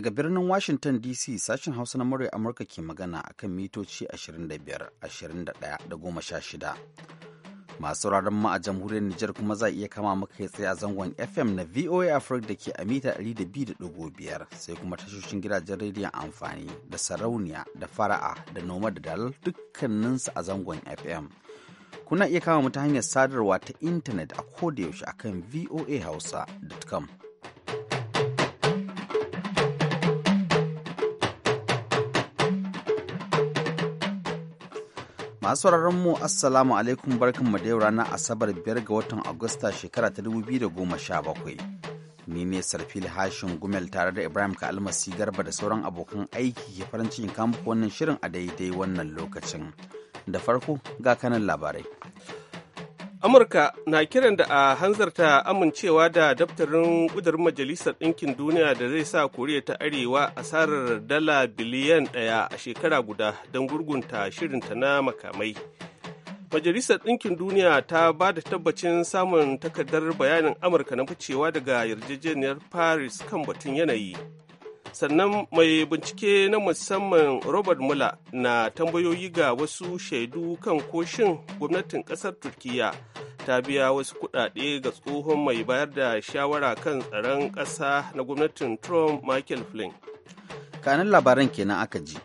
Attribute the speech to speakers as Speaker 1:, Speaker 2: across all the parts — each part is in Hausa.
Speaker 1: Daga birnin Washington DC sashen Hausa na murya Amurka ke magana a kan mitoci 25, 21 da 16. Masu raron ma a jamhuriyar Nijar kuma za iya kama maka tsaye a zangon FM na VOA Africa da ke a mita 200.5 sai kuma tashoshin gidajen rediyon amfani da sarauniya da fara'a da noma da dalal dukkaninsu a zangon FM. Kuna iya kama mu ta hanyar sadarwa ta intanet a kodayaushe akan voahausa.com. Masu sauraron mu Assalamu alaikum barkan mu da yau ranar Asabar biyar ga watan Agusta shekara ta dubu biyu da goma sha bakwai, Ni ne Sarfil Hashin Gumel tare da Ibrahim Kalmasi Garba da sauran abokan aiki ke farin cikin wannan shirin a daidai wannan lokacin. Da farko ga kanan labarai.
Speaker 2: amurka na kiran da a hanzarta amincewa da daftarin ƙudurin majalisar ɗinkin duniya da zai sa koriya ta arewa asarar dala biliyan ɗaya a shekara guda don gurgunta shirinta na makamai majalisar ɗinkin duniya ta ba da tabbacin samun takardar bayanin amurka na ficewa daga yarjejeniyar paris kan batun yanayi sannan mai bincike na musamman robert muller na tambayoyi ga wasu shaidu kan koshin gwamnatin kasar Turkiyya, ta biya wasu kudade ga tsohon mai bayar da shawara kan tsaron ƙasa na gwamnatin trump michael flynn
Speaker 1: kanan labaran kenan aka ji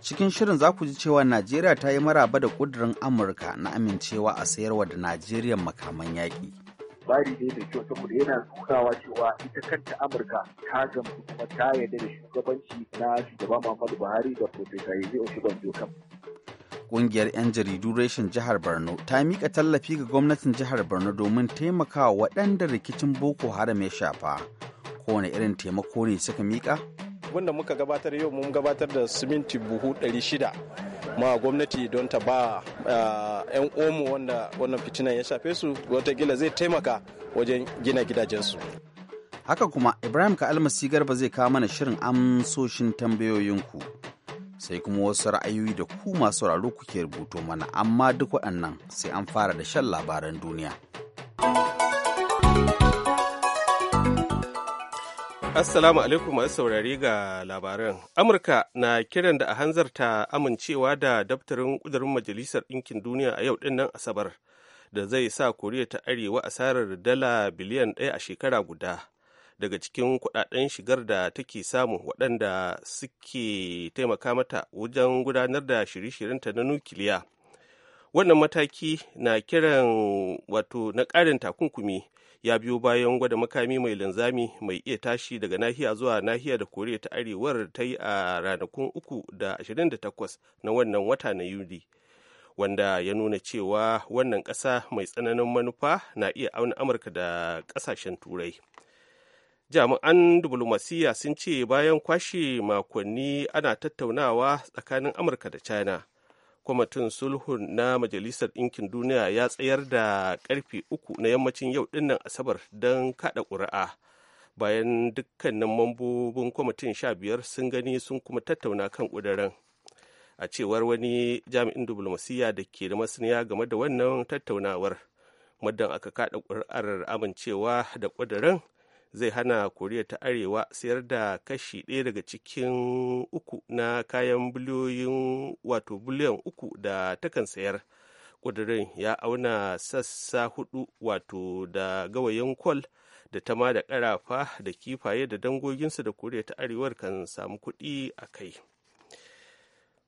Speaker 1: cikin shirin za ku ji cewa najeriya ta yi maraba da ƙudurin amurka na amincewa a sayarwa da najeriya makaman yaƙi
Speaker 3: labari ne da kyau saboda yana nunawa cewa ita kanta amurka ta gamsu kuma ta yarda da shugabanci na shugaba muhammadu buhari da profesa yanzu oshibanjo kam
Speaker 1: ƙungiyar 'yan jaridu reshen jihar borno ta mika tallafi ga gwamnatin jihar borno domin taimakawa waɗanda rikicin boko haram ya shafa kowane irin taimako ne suka mika
Speaker 4: wanda muka gabatar yau mun gabatar da siminti buhu 600 ma gwamnati don ta ba 'yan eh, omo wanda wannan fitinan ya shafe su watakila zai taimaka wajen gina gidajensu
Speaker 1: haka kuma ibrahim ka almasi garba zai kawo mana shirin amsoshin tambayoyinku sai kuma wasu ra'ayoyi da ku masu raro kuke rubuto mana amma duk waɗannan sai an fara da shan labaran duniya.
Speaker 2: Assalamu alaikum masu saurari ga labaran. Amurka na kiran da a hanzarta amincewa da daftarin ƙudurin Majalisar Ɗinkin Duniya a yau ɗinnan Asabar da zai sa Koriya ta Arewa asarar dala biliyan ɗaya a shekara guda daga cikin kuɗaɗen shigar da take samu waɗanda suke taimaka mata wajen gudanar da shirye-shiryenta na nukiliya. Wannan mataki na kiran wato na ƙarin takunkumi. ya biyo bayan gwada makami mai linzami mai iya tashi daga nahiya zuwa nahiya da koriya ta arewar ta yi a ranakun uku da 28 na wannan wata na yuli wanda ya nuna cewa wannan ƙasa mai tsananin manufa na iya auna amurka da ƙasashen turai jami'an diflomasiyya sun ce bayan kwashe makonni ana tattaunawa tsakanin amurka da china kwamitin sulhu na majalisar ɗinkin duniya ya tsayar da karfe uku na yammacin yau dinnan asabar don kada ƙuri'a bayan dukkanin mambobin kwamitin sha biyar sun gani sun kuma tattauna kan ƙudurin a cewar wani jami'in diplomasiyya da ke da masaniya game da wannan tattaunawar muddin aka kada ƙuri'ar amincewa da ƙudurin zai hana koriya ta arewa sayar da kashi ɗaya daga cikin uku na kayan biliyoyin wato biliyan uku da takan sayar ƙudurin ya auna sassa hudu wato da gawayin kwal da tama da ƙarafa da kifaye da dangoginsa da koriya ta arewar kan samu kuɗi a kai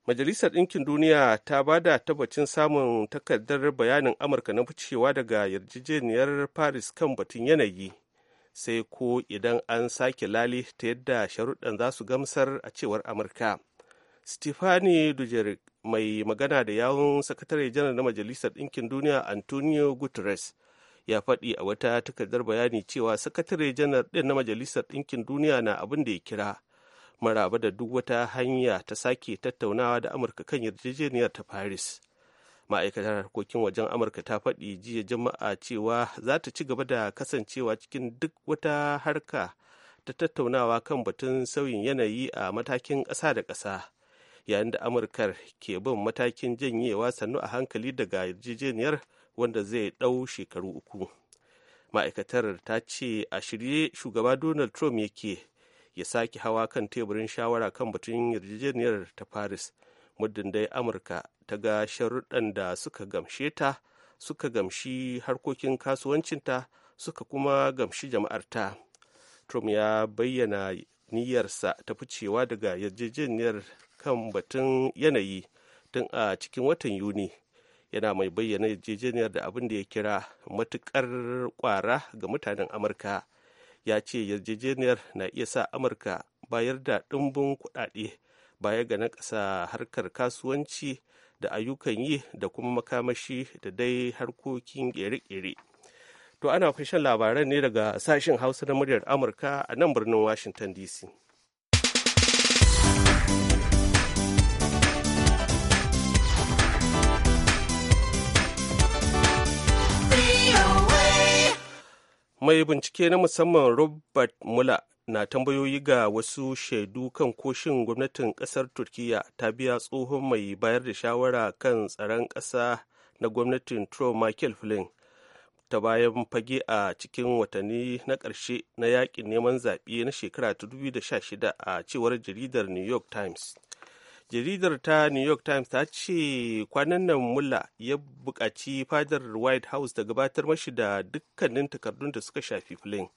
Speaker 2: majalisar ɗinkin duniya ta ba da tabbacin samun takardar bayanin amurka na ficewa daga yarjejeniyar paris kan batun yanayi sai ko idan an sake lali ta yadda sharuɗan za su gamsar a cewar amurka stefani dujer mai magana da yawun sakatare janar na majalisar ɗinkin duniya antonio guterres ya faɗi a wata takardar bayani cewa sakatare janar ɗin na majalisar ɗinkin duniya na abin da ya kira maraba da duk wata hanya ta sake tattaunawa da amurka kan yarjejeniyar ta paris ma'aikatar harkokin wajen amurka ta faɗi jiya jama'a cewa za ta ci gaba da kasancewa cikin duk wata harka ta tattaunawa kan batun sauyin yanayi a matakin ƙasa da ƙasa yayin da amurkar ke bin matakin janyewa sannu a hankali daga yarjejeniyar wanda zai ɗau shekaru uku ma'aikatar ta ce a shirye shugaba donald trump yake ya sake hawa kan teburin shawara kan batun yarjejeniyar ta paris muddin dai amurka ta ga sharuɗan da suka gamshe ta suka gamshi harkokin kasuwancinta suka kuma gamshi jama'arta trump ya bayyana niyyarsa ta ficewa daga yarjejeniyar kan batun yanayi tun a cikin watan yuni yana mai bayyana yarjejeniyar da abin da ya kira matuƙar kwara ga mutanen amurka ya ce yarjejeniyar na iya sa amurka bayar da ɗimbin kuɗaɗe baya ga nakasa harkar kasuwanci da ayyukan yi da kuma makamashi da dai harkokin ƙere-ƙere. To ana fashin labaran ne daga sashen Hausa na muryar Amurka a nan birnin Washington DC. mai bincike na musamman robert muller na tambayoyi ga wasu shaidu kan koshin gwamnatin kasar turkiya ta biya tsohon mai bayar da shawara kan tsaron ƙasa na gwamnatin trump michael flynn ta bayan fage a cikin watanni na ƙarshe na yakin neman zaɓe na shekara 2016 a cewar jaridar new york times jaridar ta new york times ta ce kwanan nan mulla ya buƙaci fadar white house da gabatar mashi da dukkanin takardun da suka shafi flynn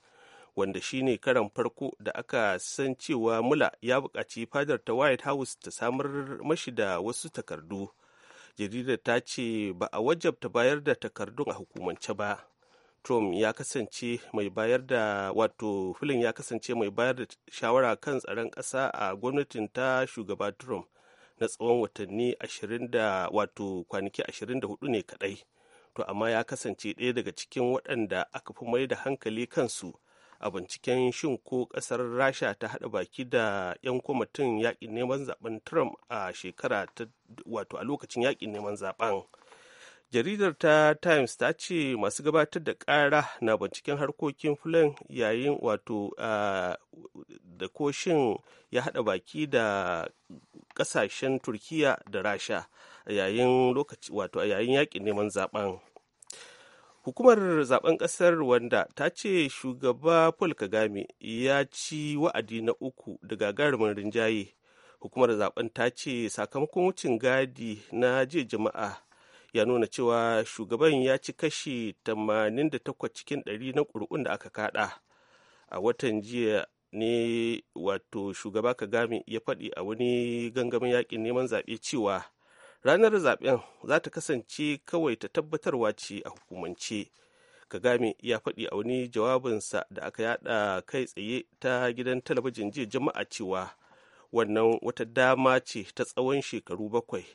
Speaker 2: wanda shine karan farko da aka san cewa mula ya buƙaci fadar ta white house ta samar mashi da wasu takardu jaridar ta ce ba a wajab ta bayar da takardun a hukumance ba trump ya kasance mai bayar da wato filin ya kasance mai bayar da shawara kan tsaron ƙasa a gwamnatin ta shugaba trump na tsawon watanni da wato kwanaki hudu ne kadai to amma ya kasance ɗaya daga cikin waɗanda aka fi mai da hankali kansu a binciken shin ko kasar rasha ta haɗa baki da 'yan kwamitin yakin neman zaben trump a shekara ta wato a lokacin yakin neman zaben jaridar ta times ta ce masu gabatar da ƙara na binciken harkokin fulon yayin wato da koshin ya haɗa baki da ƙasashen turkiya da rasha yayin lokaci a yayin yakin neman zaben hukumar zaben kasar wanda ta ce shugaba paul kagame ya ci wa'adi na uku da gagarumin rinjaye hukumar zaben ta ce sakamakon wucin gadi na jiya jama'a ya nuna cewa shugaban ya ci kashi 88 cikin 100 na ƙuri'un da aka kada a watan jiya ne wato shugaba kagame ya faɗi a wani gangamin yaƙin neman zaɓe cewa ranar zaben za ta kasance kawai ta tabbatarwa ce a hukumance kagame ya faɗi a wani jawabinsa da aka yada kai tsaye ta gidan talabijin jiya jama'a cewa wannan wata dama ce ta tsawon shekaru bakwai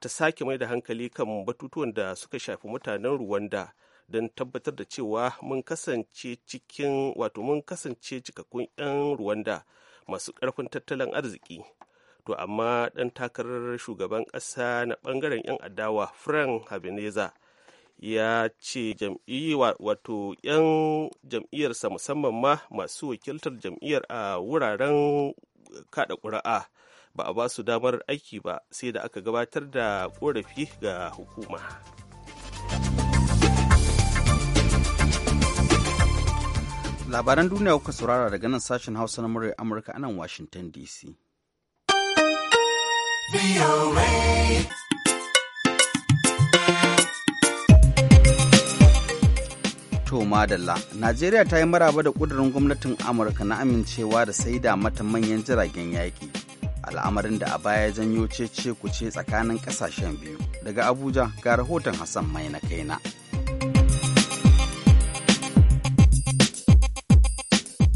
Speaker 2: ta sake mai da hankali kan batutuwan da suka shafi mutanen ruwanda don tabbatar da cewa mun kasance cikin wato mun kasance cikakkun 'yan ruwanda masu ƙarfin tattalin arziki to amma ɗan takarar shugaban ƙasa na ɓangaren 'yan adawa frank habineza ya ce wato 'yan jam'iyyarsa musamman ma masu wakiltar jam'iyyar a wuraren kada ƙuri'a ba a ba su damar aiki ba sai da aka gabatar da ƙorafi ga hukuma
Speaker 1: labaran duniya kuka saurara daga nan sashen hausa na murya amurka anan washington dc Madalla, Najeriya ta yi maraba da ƙudurin gwamnatin Amurka na amincewa da saida mata manyan jiragen yaƙi. Al'amarin da a baya janyo ce kuce tsakanin ƙasashen biyu. Daga Abuja ga rahoton Hassan Mai na kaina.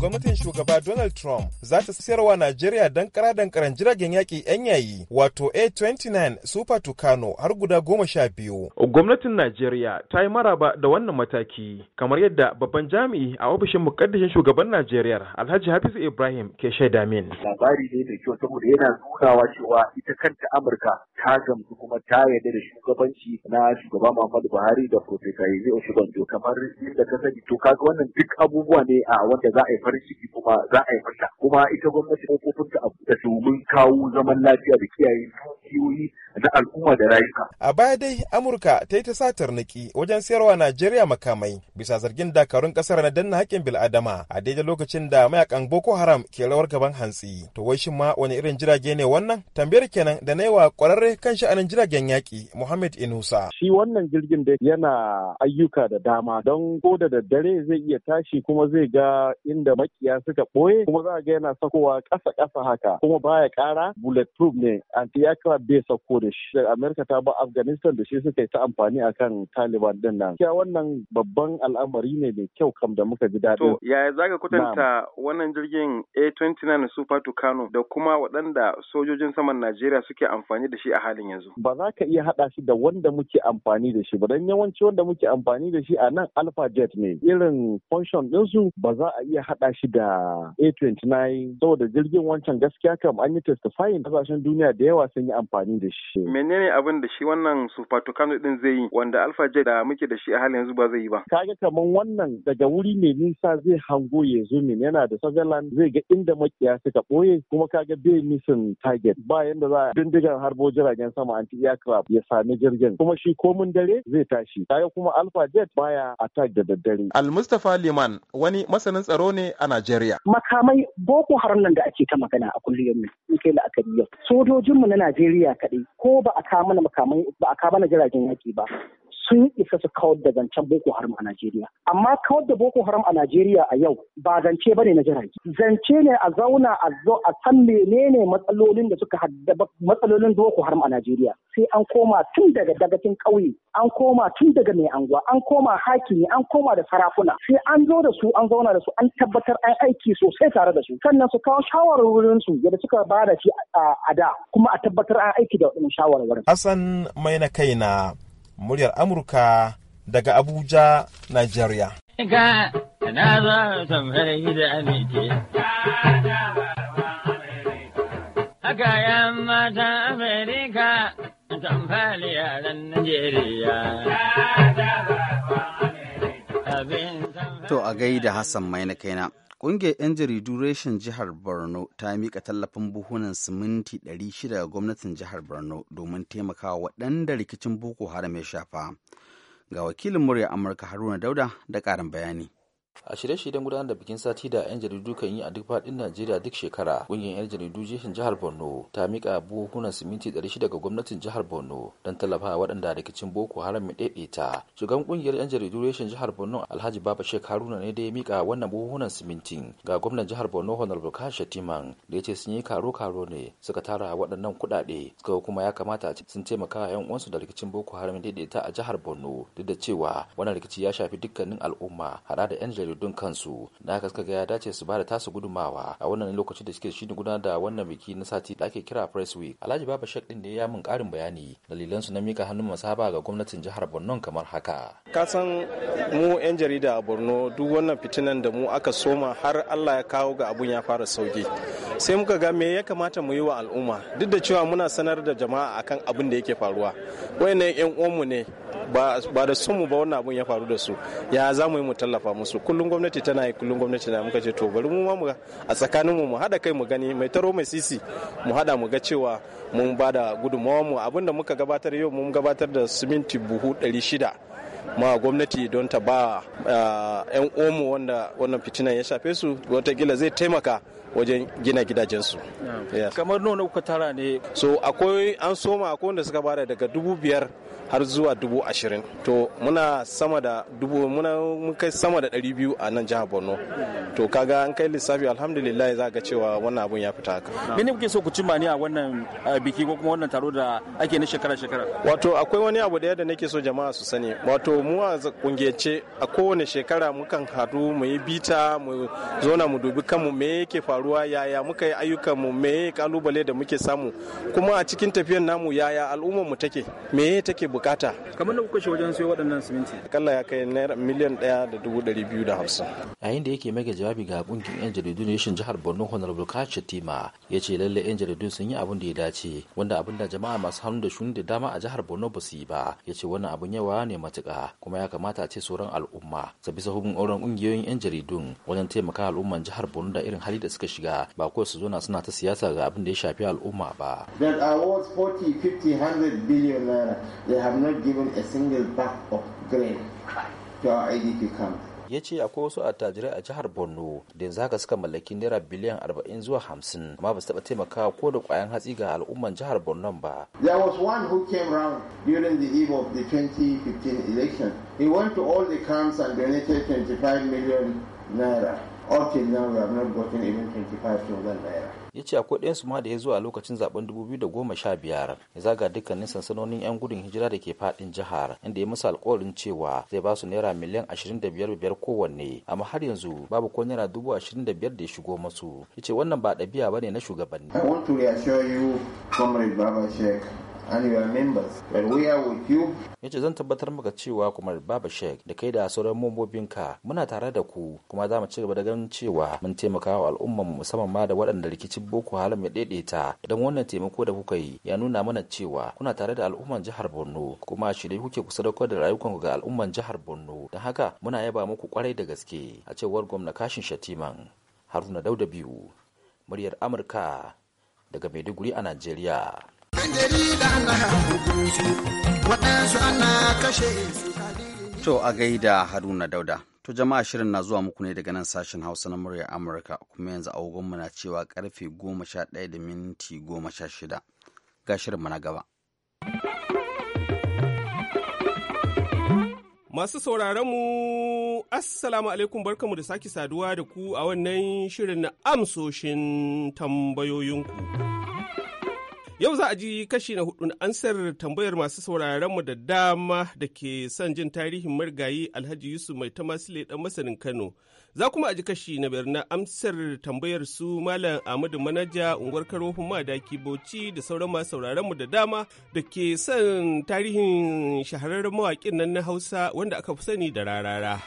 Speaker 5: gwamnatin shugaba Donald Trump za ta wa Najeriya dan kara jiragen yaƙi 'yan yayi wato A29 Super Tucano har guda goma sha biyu. Gwamnatin Najeriya ta yi maraba da wannan mataki kamar yadda babban jami'i a ofishin mukaddashin shugaban Najeriya Alhaji Hafiz Ibrahim ke shaida min.
Speaker 3: Labari ne da kyau saboda yana nunawa cewa ita kanta Amurka ta gamsu kuma ta yarda da shugabanci na shugaba Muhammadu Buhari da Profesa Yemi Osibanjo kamar yadda ka sani to kaga wannan duk abubuwa ne a wanda za a yi farin ciki kuma
Speaker 6: za a yi mata
Speaker 5: kuma ita gwamnati ta a da domin kawo zaman lafiya da kiyaye dukiyoyi na
Speaker 7: al'umma da rayuka.
Speaker 5: A baya dai Amurka ta yi ta sa tarnaki wajen sayarwa Najeriya makamai bisa zargin dakarun kasar na danna haƙƙin bil'adama a daidai lokacin da mayakan Boko Haram ke rawar gaban hantsi. To wai shin ma wani irin jirage ne wannan? Tambayar kenan da na yi wa ƙwararre kan sha'anin jiragen yaƙi Muhammad Inusa.
Speaker 3: Shi wannan jirgin da yana ayyuka da dama don ko da daddare zai iya tashi kuma zai ga inda makiya suka ɓoye kuma za a ga yana sakowa ƙasa ƙasa haka kuma baya ƙara bulletproof ne anti aircraft bai sako da shi Amurka ta ba Afghanistan da shi suka yi ta amfani akan Taliban din nan. Kiya wannan babban al'amari ne mai kyau kam da muka ji daɗin. To
Speaker 5: yaya zaka kwatanta wannan jirgin A29 Super Tucano da kuma waɗanda sojojin saman Najeriya suke amfani da shi a halin yanzu?
Speaker 3: Ba za ka iya haɗa shi da wanda muke amfani da shi ba dan yawanci wanda muke amfani da shi a nan Alpha Jet ne irin function ɗinsu ba za a iya haɗa haɗa shi da A29 saboda jirgin wancan gaskiya kam an yi testifying kasashen duniya da yawa sun yi amfani
Speaker 5: da shi. Menene abin da shi wannan Super Tucano din zai yi wanda Alpha J da muke da shi a halin yanzu ba zai yi ba?
Speaker 3: Kaga kaman wannan daga wuri mai nisa zai hango ya zo min? yana da Sutherland zai ga inda makiya suka boye. kuma kaga bai nisan target ba yanda za a bindigar harbo jiragen sama anti aircraft ya sami jirgin kuma shi komin dare zai tashi. Kaga kuma Alpha J
Speaker 5: baya attack da daddare. Al-Mustapha Liman wani masanin tsaro ne a Najeriya. Makamai
Speaker 3: Boko Haram nan da ake ta magana a kullum in kai la'akari yau. Sojojinmu na Najeriya kaɗai ko ba a kama makamai ba a kama jiragen yaƙi ba. sun isa su kawar da zancen Boko Haram a Najeriya. Amma kawar da Boko Haram a Najeriya a yau ba zance ba ne na jirage. Zance ne a zauna a zo a san menene matsalolin da suka haddaba matsalolin Boko Haram a Najeriya. Sai an koma tun daga dagatin ƙauye, an koma tun daga mai anguwa, an koma hakimi, an koma da sarakuna. Sai an zo da su, an zauna da su, an tabbatar an aiki sosai tare
Speaker 5: da su. Sannan su kawo shawarwarin su yadda suka bada da shi a da kuma a tabbatar an aiki da waɗannan shawarwarin. Hassan mai na kaina muryar Amurka daga Abuja, Nigeria.
Speaker 8: Najeriya.
Speaker 1: To a gaida Hassan mai na kaina. Ƙungiyar 'yan jaridu reshen jihar Borno ta mika tallafin buhunan siminti 600 ga gwamnatin jihar Borno domin taimakawa waɗanda rikicin Boko Haram ya shafa. Ga wakilin murya Amurka
Speaker 7: Haruna Dauda da ƙarin bayani. a shirye-shiryen gudanar da bikin sati da 'yan jaridu kan yi a duk faɗin najeriya duk shekara ƙungiyar 'yan jaridu jihar jihar borno ta mika buhunan siminti 600 ga gwamnatin jihar borno don tallafa waɗanda rikicin boko haram mai ɗaiɗaita shugaban ƙungiyar 'yan jaridu reshen jihar borno alhaji baba shek haruna ne da ya mika wannan buhunan simintin ga gwamnan jihar borno honorable kashi shatiman da ya ce sun yi karo-karo ne suka tara waɗannan kuɗaɗe suka kuma ya kamata sun taimaka 'yan uwansu da rikicin boko haram mai ɗaiɗaita a jihar borno duk da cewa wannan rikici ya shafi dukkanin al'umma hada da 'yan jaridu jaridun kansu da haka suka ga ya dace su bada tasu gudumawa a wannan lokacin da suke shine gudanar da wannan biki na sati da ake kira press week alhaji baba shek din da ya mun karin bayani dalilan su na mika hannun masaba ga gwamnatin jihar borno kamar haka
Speaker 4: ka san mu yan jarida a borno duk wannan fitinan da mu aka soma har allah ya kawo ga abun ya fara sauki sai muka ga me ya kamata mu yi wa al'umma duk da cewa muna sanar da jama'a akan abin da yake faruwa wayannan yan uwanmu ne ba da sunmu ba wannan abun ya faru da su ya za mu yi mu tallafa musu kullum gwamnati tana yi kullum gwamnati na muka ce to bari mu ma a tsakanin mu mu hada kai mu gani mai taro mai sisi mu hada mu ga cewa mun ba da gudunmawa mu abin da muka gabatar yau mun gabatar da siminti buhu 600 ma gwamnati don ta ba 'yan ah, omo wanda wannan fitinan ya shafe su watakila zai taimaka wajen gina gidajensu kamar nuna kuka tara ne so akwai an soma akwai wanda suka bada daga dubu biyar har zuwa dubu ashirin to muna sama da dubu muna mun kai sama da ɗari biyu a nan jihar borno to kaga an kai lissafi alhamdulillah za ga cewa wannan abun ya fita haka mene kuke so ku cimma ne a wannan biki ko kuma wannan taro da
Speaker 7: ake na shekara shekara
Speaker 4: wato akwai wani abu da yadda nake so jama'a su sani wato mu a kungiyance a kowane shekara mukan haɗu mu yi bita mu zona mu dubi kanmu me yake faruwa yaya muka yi mu me kalubale da muke samu kuma a cikin tafiyar namu yaya al'ummar mu take me take bukata kamar da kuka shi wajen sayo waɗannan siminti akalla ya kai naira miliyan ɗaya da dubu ɗari biyu da hamsin
Speaker 7: yayin da yake mega jawabi ga ƙungiyar yan jaridu na yashin jihar borno honorable kashi tima ya ce lallai yan jaridu sun yi abin da ya dace wanda abin da jama'a masu hannu da shuni da dama a jihar borno ba su yi ba ya ce wannan abin yawa ne matuƙa kuma ya kamata a ce sauran al'umma su bisa hukun auren ƙungiyoyin yan jaridun wajen taimaka al'umman jihar borno da irin hali da suka shiga ba ko su zona suna ta siyasa ga abin da ya shafi al'umma ba.
Speaker 3: have not given a single bag of grain
Speaker 7: to our IDP camp. ya ce akwai wasu attajirai a jihar borno da yanzu haka suka mallaki naira biliyan 40 zuwa 50 amma ba su taɓa taimakawa ko da kwayan hatsi ga al'umman jihar borno ba
Speaker 3: there was one who came round during the eve of the 2015 election he went to all the camps and donated 25 million naira okay now we have not gotten even
Speaker 7: 25,000 ya ce akwai ɗayansu ma da ya zo a lokacin zaben 2015 ya zaga dukkanin sansanonin 'yan gudun hijira da ke fadin jihar inda ya musu alkawarin cewa zai ba su naira miliyan 25 kowanne amma har yanzu babu ko naira 25,000 da ya shigo masu ya ce wannan ba ɗabi'a ba ne na shugabanni. I want to reassure you, Comrade Baba and your members we are with ya ce zan tabbatar maka cewa kuma baba sheik da kai da sauran mambobinka muna tare da ku kuma za mu ci gaba da ganin cewa mun taimaka wa mu musamman ma da waɗanda rikicin boko haram ya daidaita don wannan taimako da kuka yi ya nuna mana cewa kuna tare da al'ummar jihar borno kuma shirye kuke ku sadaukar da rayukanku ga al'ummar jihar borno don haka muna yaba muku kwarai da gaske a cewar gwamna kashin shatiman haruna dauda biyu muryar amurka daga maiduguri a najeriya To a gaida
Speaker 1: Haruna Dauda. To jama'a shirin na zuwa muku ne daga nan sashen Hausa na murya Amurka kuma yanzu mu na cewa karfe goma sha ɗaya da minti goma sha shida. Ga na gaba.
Speaker 2: Masu sauraronmu, Assalamu alaikum barkamu da sake saduwa da ku a wannan shirin na amsoshin tambayoyinku. Yau za a ji kashi na hudu na ansar tambayar masu sauraronmu da dama da ke son jin tarihin marigayi Alhaji Yusuf mai tamasile dan masanin Kano. Za kuma a ji kashi na biyar na amsar tambayar su Malam Ahmadu Manaja unguwar Karofin Madaki Bauchi da sauran masu mu da dama da ke son tarihin shahararren mawaƙin nan na Hausa wanda aka fi sani da rarara.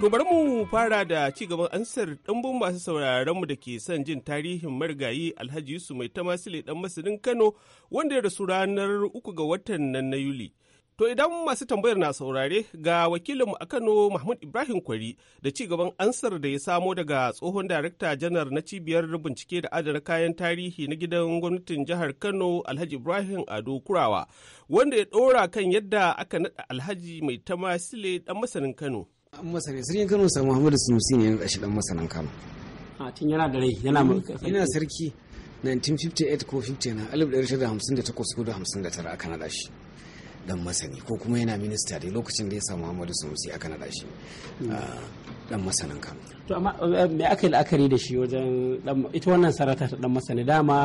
Speaker 2: To bari mu fara da ci gaban ansar ɗanbun masu sauraron mu da ke son jin tarihin marigayi Alhaji Yusuf mai tamasile dan masirin Kano wanda ya rasu ranar uku ga watan nan na Yuli. To idan masu tambayar na saurare ga wakilinmu a Kano Mahmud Ibrahim Kwari da ci gaban ansar da ya samo daga tsohon darakta janar na cibiyar bincike da adana kayan tarihi na gidan gwamnatin jihar Kano Alhaji Ibrahim Ado Kurawa wanda ya ɗora kan yadda aka naɗa Alhaji mai tamasile ɗan masanin Kano. an masa
Speaker 6: ne sarkin kano sa muhammadu sunusi ne ya shi masanan kano a tun yana da rai yana yana sarki 1958 ko 59 1958 ko 59 aka nada shi dan masani ko kuma yana minista dai lokacin da ya samu Muhammadu Sanusi aka nada shi dan hmm. ah, masanin Kano.
Speaker 8: To amma eh, me aka yi la'akari da shi wajen ita wannan sarauta ta dan masani dama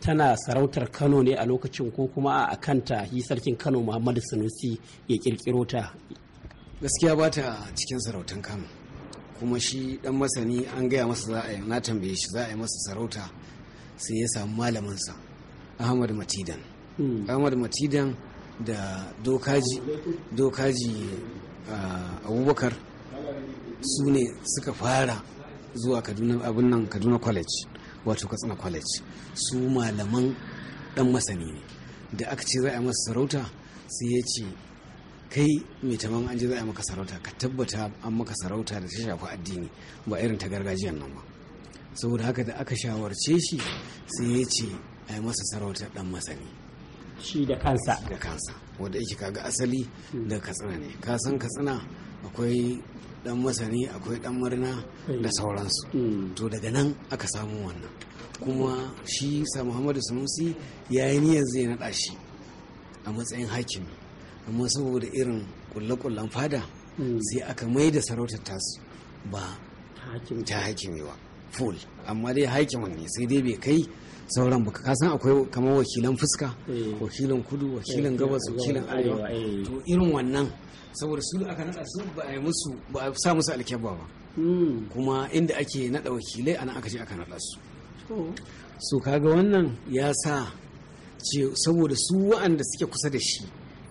Speaker 8: tana sarautar Kano ne a lokacin ko kuma a kanta yi sarkin Kano Muhammadu Sanusi ya kirkiro ta
Speaker 6: gaskiya ba ta cikin sarautan kano kuma shi dan masani an gaya masa za a yi na tambaye shi za a yi masa sarauta sai ya samu malaminsa ahmad matidan hmm. ahmad matidan da dokaji ah, abubakar su ne suka fara zuwa kaduna abin nan kaduna college wato katsina college su malaman dan masani ne da aka ce za a masa sarauta sai ya ce kai mai taman an ji za a maka sarauta ka tabbata an maka sarauta da ta shafi addini ba irin ta gargajiyar nan ba saboda haka da aka shawarce shi sai ya ce a yi masa sarautar dan masani shi da kansa da kansa wanda yake kaga asali hmm. da katsina ne ka san katsina akwai dan masani akwai dan murna hmm. da sauransu hmm. to daga nan aka samu wannan kuma shi sa muhammadu sanusi ya yi niyyar zai naɗa shi a matsayin hakimi amma saboda irin kulle-kullen fada hmm. sai aka mai da sarautar tasu ba ta hakimi ba full amma dai hakimin ne sai dai bai kai sauran baka kasan akwai kamar wakilan fuska eh. wakilan kudu wakilan eh, gabas eh, wakilan arewa to irin wannan saboda su aka nada su ba a musu ba a sa musu alkyabba ba hmm. kuma inda ake nada wakilai ana aka ce aka nada su so kaga wannan ya sa ce saboda su wa'anda suke kusa da shi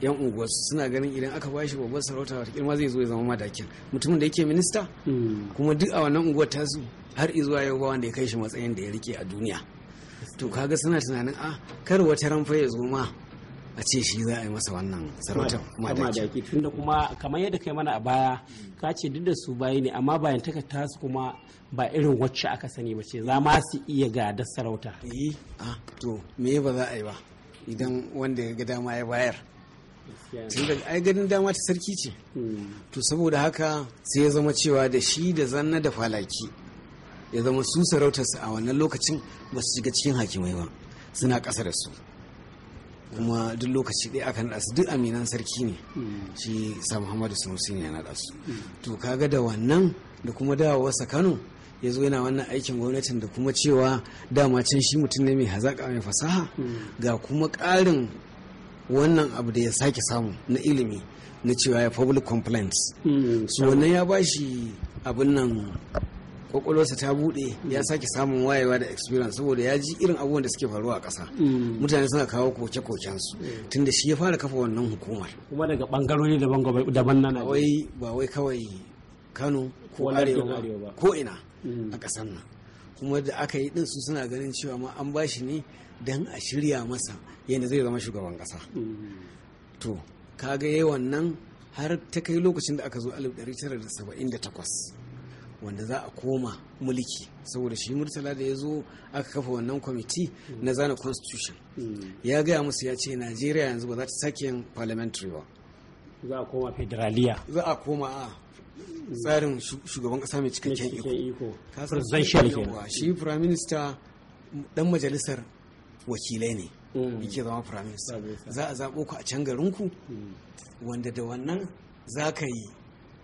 Speaker 6: yan unguwarsu suna ganin idan aka ba shi babbar sarauta wata kirma zai zo ya zama madakin mutumin da yake minista hmm. kuma duk a wannan unguwar tasu har izuwa yau ba wanda ya kai shi matsayin da ya rike a duniya to kaga suna tunanin a ah, kar wata ranfa ya zo ma a ce shi za a yi masa wannan sarautar madaki tunda kuma kamar
Speaker 8: yadda kai mana a baya ka ce duk da su bayi ne amma bayan taka tasu kuma ba irin wacce aka sani ba ce za ma su iya gadar sarauta eh ah,
Speaker 6: to me ba za a yi ba idan wanda ya ga dama ya bayar tunda ai ganin dama ta sarki ce to saboda haka sai ya zama cewa da shi da zanna da falaki ya zama su sarautarsu a wannan lokacin ba su shiga cikin hakimai ba suna ƙasa da su kuma duk lokaci ɗaya aka naɗa su duk aminan sarki ne shi sa muhammadu sanusi ne ya naɗa su to kaga da wannan da kuma dawowarsa kano ya zo yana wannan aikin gwamnatin da kuma cewa dama can shi mutum ne mai hazaƙa mai fasaha ga kuma ƙarin wannan abu da ya sake samu na ilimi na cewa ya public complaints hmm. su wannan ya bashi abin nan kwakwalwarsa ta bude ya hmm. sake samun wayewa da experience saboda ya ji irin abubuwan da suke faruwa a ƙasa hmm. mutane suna kawo koke-koken su tunda shi ya fara kafa wannan hukumar kuma daga bangarori daban na wai ba wai kawai kano ko arewa ko ina a ƙasar nan kuma da aka yi din su suna ganin cewa ma an bashi ne don a shirya masa yadda zai zama shugaban kasa mm. to kaga yayi wannan har ta kai lokacin da aka zo 1978 wanda za a koma mulki saboda shi murtala da ya zo aka kafa wannan kwamiti na zana constitution mm. ya gaya musu ya ce najeriya yanzu ba za ta sake yin parliamentary ba za a koma
Speaker 8: federaliya
Speaker 6: za a koma a tsarin shugaban kasa mai cikakken iko shi prime minister dan majalisar wakilai ne mm. yake zama firaminista za a zaɓo ku a can garinku mm. wanda da wannan za ka yi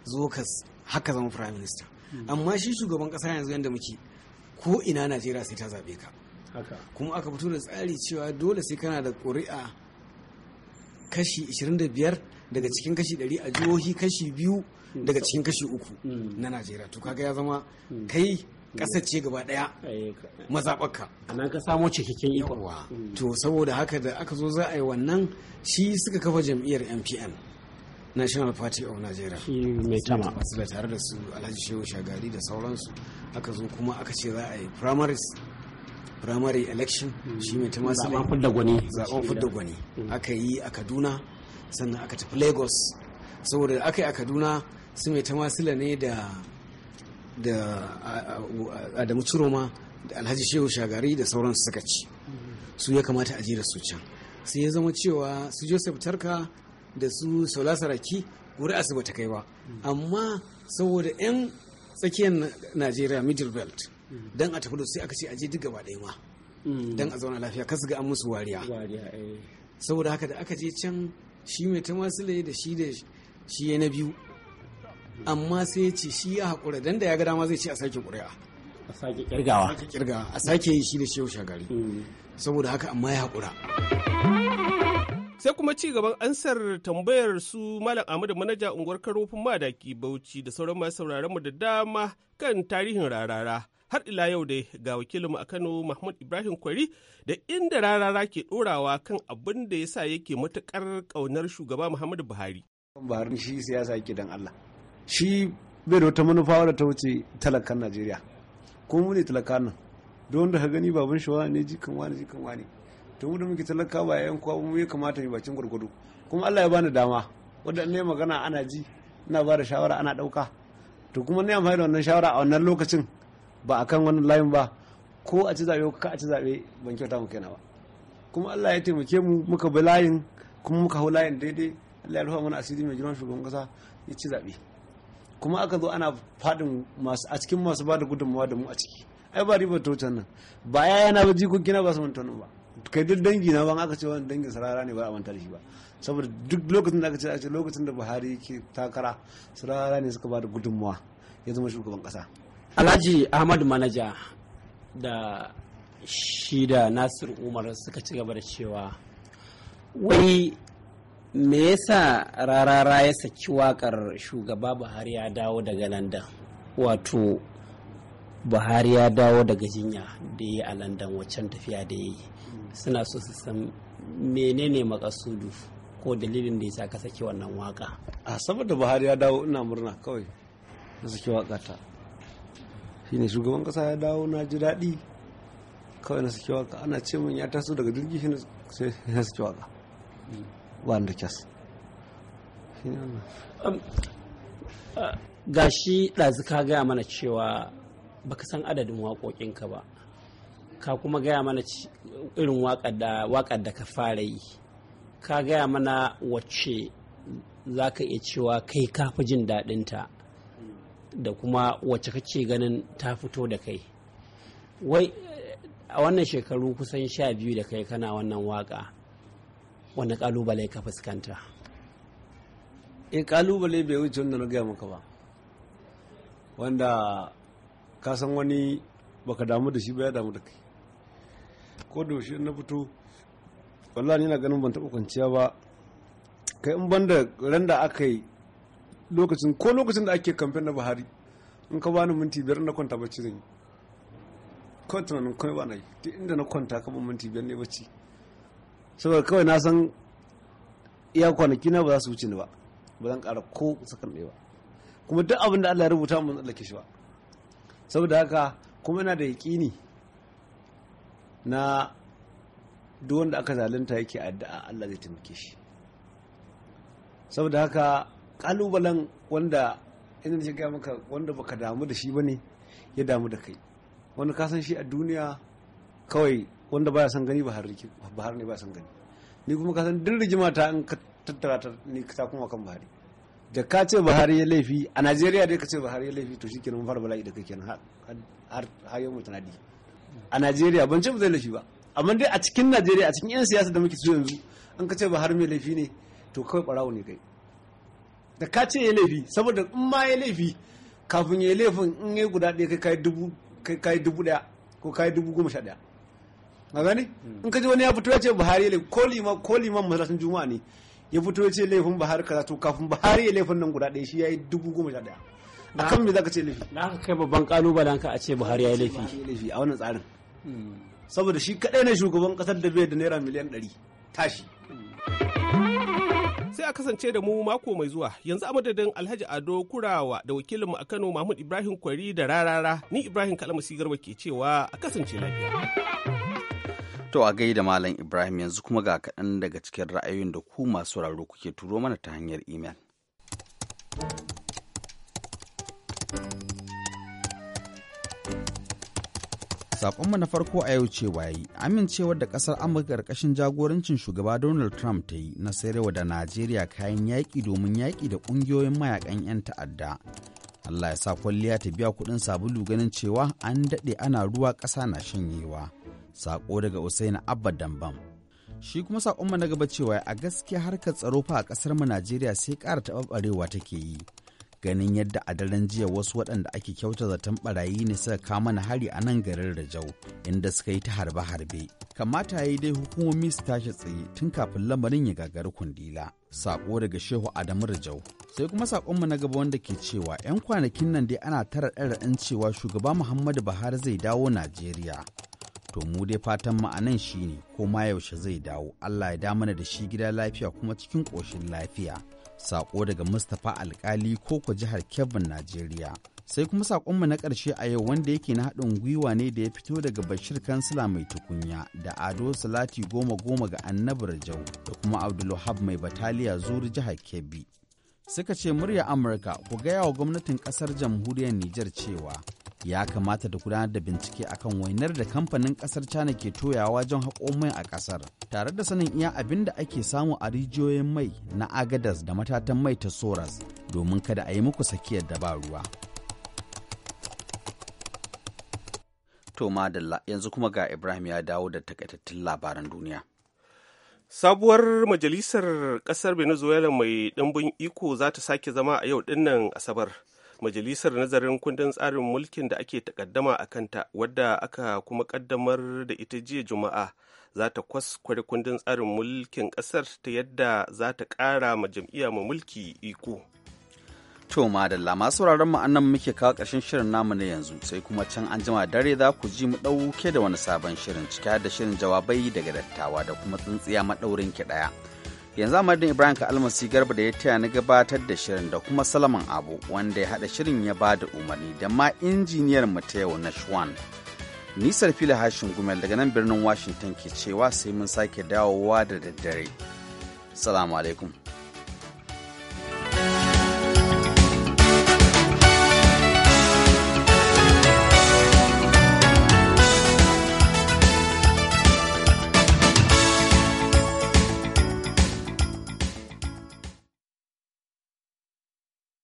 Speaker 6: zo ka haka zama firaminista mm. amma shi shugaban ƙasa yanzu yadda muke ko ina najeriya sai ta zaɓe ka kuma aka fito da tsari cewa dole sai kana da ƙuri'a kashi 25 daga cikin kashi 100 a jihohi kashi biyu daga cikin kashi uku na najeriya to kaga ya zama kai ƙasar ce gaba ɗaya eh, mazaɓaka a nan ka samo cikakken iko mm. to saboda haka da aka zo za a yi wannan shi suka kafa jam'iyyar NPN national party of nigeria mai tama da tare da su alhaji shehu shagari da sauransu aka zo kuma aka ce za a yi primaries primary election mm. shi mai tama su ne fudda gwani fudda mm. gwani aka yi a kaduna sannan aka tafi lagos saboda aka yi a kaduna su mai tama ne da da adamu ciroma da alhaji shehu shagari da sauran suka ci su ya kamata a da su can sai ya zama cewa su joseph tarka da su saula saraki ƙuri'a su bata kai ba amma saboda 'yan tsakiyar najeriya middle belt don a tafi da sai aka ce aje duk gaba ɗaya ma don a zauna lafiya kasu ga an musu wariya eh. saboda haka da aka je can shi mai ta masule da shi da shi ya na biyu amma sai ya ce shi ya haƙura don da ya ga dama zai ce a sake ƙuri'a a sake
Speaker 2: ƙirgawa a sake ƙirgawa a sake
Speaker 6: yi shi da shehu shagari saboda haka amma ya haƙura
Speaker 2: sai kuma ci gaban ansar tambayar su malam da manaja unguwar karofin madaki bauchi da sauran masu sauraron mu da dama kan tarihin rarara har ila yau dai ga wakilinmu a kano mahmud ibrahim kwari da inda rarara ke ɗorawa kan abin da yasa yake matuƙar ƙaunar shugaba muhammadu buhari
Speaker 9: buhari shi siyasa yake dan allah shi bai da wata manufa wadda ta wuce talakan najeriya ko mu ne talakan nan don da ka gani baban shi wani ne jikan wani jikan wani to mu da muke talaka ba yayan kuwa mu ya kamata mu bacin gurgudu kuma Allah ya bani dama wanda ne magana ana ji ina ba da shawara ana dauka to kuma ne amfani da wannan shawara a wannan lokacin ba akan wannan layin ba ko a ci zaɓe ka a ci zaɓe ban kyauta mu kenan ba kuma Allah ya taimake mu muka bi layin kuma muka hau layin daidai Allah ya rufa mana asiri mai girman shugaban kasa ya ci zaɓe kuma aka zo ana fadin masu a cikin masu ba da gudunmawa da mu a ciki ai ba ribar ta nan ba ya na ba jikokina ba su manta ba kai duk dangi na ban aka ce wani dangin sarara ne ba a manta da shi ba saboda duk lokacin da aka ce a ce lokacin da Buhari ke takara
Speaker 8: sarara ne suka ba da gudunmawa ya zama shugaban kasa Alhaji Ahmad Manaja da shi da Nasir Umar suka ci gaba da cewa wai me yasa rarara ya saki wakar shugaba buhari ya dawo daga london wato buhari ya dawo daga jinya da ya yi a london waccan tafiya da ya yi suna so su san menene makasudu ko dalilin da ya sa ka saki wannan waka a saboda buhari ya dawo ina murna kawai
Speaker 9: na saki waka ta shine shugaban kasa ya dawo na ji daɗi kawai na saki waka ana ce min ya taso daga jirgi shi na saki waka wanda kyas
Speaker 8: ga shi ɗazu ka gaya mana cewa baka san adadin waƙoƙinka ba ka kuma gaya mana irin waƙar da ka fara yi ka gaya mana wacce za ka iya cewa kai ka fi jin daɗinta da kuma wacce kake ganin ta fito da kai wai a wannan shekaru kusan sha biyu da kai kana wannan waƙa wani kalubale ka fuskanta e kalubale bai
Speaker 9: wuce wanda na gaya maka ba wanda ka san wani baka damu da shi ba ya damu da kai ko da shi na fito ni na ganin ban taɓa kwanciya ba kai in banda ran da aka yi lokacin ko lokacin da ake kamfen na buhari in ka bani minti biyar na kwanta bacci zan yi kawai tunanin kawai ba na yi duk inda na kwanta ka ban minti biyar ne bacci saboda kawai na san iya kwanaki na ba za su wuce ni ba ba zan ƙara ko sakan ɗaya ba kuma duk abin da Allah ya rubuta mun tsallake shi ba saboda haka kuma ina da yaƙini na duk wanda aka zalunta yake addu'a Allah zai taimake shi saboda haka kalubalen wanda ina ce gaya maka wanda baka damu da shi ba ya damu da kai wani ka shi a duniya kawai wanda baya son gani bahar bahar ne baya son gani ni kuma ka san duk rigima ta in ka tattara ta ni ta kuma kan bahari da ka ce bahari ya laifi a najeriya dai ka ce bahari ya laifi to shi kenan fara bala'i da kake har har yau di a najeriya ban ce ba zai laifi ba amma dai a cikin najeriya a cikin yan siyasa da muke so yanzu an ka ce bahari mai laifi ne to kawai barawo ne kai da ka ce ya laifi saboda in ma ya laifi kafin ya laifin in ya guda ɗaya kai kai dubu kai kai dubu ɗaya ko kai dubu goma sha ɗaya a in ka ji wani ya fito ya ce buhari ya ko liman ko liman masallacin juma'a ne ya fito ya ce laifin buhari kaza to kafin buhari ya laifin nan guda ɗaya shi ya yi dubu goma sha ɗaya a kan me za ka ce laifi na
Speaker 8: ka kai babban kalubalen ka a ce buhari ya yi
Speaker 9: laifi a wannan tsarin saboda shi kaɗai ne shugaban ƙasar da bai da naira miliyan ɗari
Speaker 2: tashi sai a kasance da mu mako mai zuwa yanzu a madadin alhaji ado kurawa da wakilinmu a kano mahmud ibrahim kwari da rarara ni ibrahim kalamasi garba ke cewa a kasance lafiya
Speaker 1: To a gaida Malam Ibrahim yanzu kuma ga kaɗan daga cikin ra'ayoyin da ku masu raro kuke turo mana ta hanyar imel. Saƙonmu na farko a yau cewa yi amincewar da ƙasar Amurka ƙarƙashin jagorancin shugaba Donald Trump ta yi na sayarwa da Najeriya kayan yaƙi domin yaƙi da ƙungiyoyin mayaƙan 'yan ta'adda. Allah ya sa kwalliya ta biya kuɗin sabulu ganin cewa an daɗe ana ruwa ƙasa na shanyewa. Sako daga Usaini Abba Dambam. Shi kuma sakonmu na gaba cewa a gaskiya harkar tsaro fa a kasar mu Najeriya sai ƙara taɓarɓarewa take yi. Ganin yadda a daren jiya wasu waɗanda ake kyauta zaton ɓarayi ne suka kama na hari a nan garin Rajau inda suka yi ta harbe-harbe. Kamata ya yi dai hukumomi su tashi tsaye tun kafin lamarin ya gagari kundila. Sako daga Shehu Adamu Rajau. sai kuma sakonmu na gaba wanda ke cewa 'yan kwanakin nan dai ana tara ɗan cewa shugaba muhammadu buhari zai dawo najeriya to mu dai fatan ma'anan shi ne ko ma yaushe zai dawo Allah ya da mana da shi gida lafiya kuma cikin koshin lafiya sako daga Mustapha Alkali Koko jihar kebbin Najeriya sai kuma sakonmu na ƙarshe a yau wanda yake na haɗin gwiwa ne da ya fito daga bashir kansila mai tukunya da ado salati goma goma ga annabar jau da kuma abdulwahab mai bataliya zuri jihar kebbi suka ce murya amurka ku gaya wa gwamnatin kasar jamhuriyar nijar cewa ya kamata da gudanar da bincike akan wainar da kamfanin kasar china ke toyawa wajen haƙo mai a kasar tare da sanin iya abin da ake samu a rijiyoyin mai na agadas da matatan mai ta soras domin kada a yi muku sakiyar da ba ruwa
Speaker 2: to madalla yanzu kuma ga ibrahim ya dawo da takaitattun labaran duniya Sabuwar majalisar ƙasar Venezuela mai ɗimbin iko za ta sake zama a yau dinnan Asabar. Majalisar nazarin kundin tsarin mulkin da ake takaddama a kanta wadda aka kuma kaddamar da ita jiya Juma'a za ta kwaskware kundin tsarin mulkin ƙasar ta yadda za ta ƙara ma jam'iyya mai mulki iko.
Speaker 1: To madalla masu sauraron mu annan muke kawo ƙarshen shirin namu na yanzu sai kuma can an jima dare za ku ji mu ɗauke da wani sabon shirin cika da shirin jawabai daga dattawa da kuma tsintsiya maɗaurin ki ɗaya. Yanzu a Ibrahim ka almasi garba da ya taya ni gabatar da shirin da kuma Salaman Abu wanda ya haɗa shirin ya ba da umarni da ma injiniyar mu ta yau na Shwan. Nisar fila hashin gumel daga nan birnin Washington ke cewa sai mun sake dawowa da daddare. Salamu alaikum.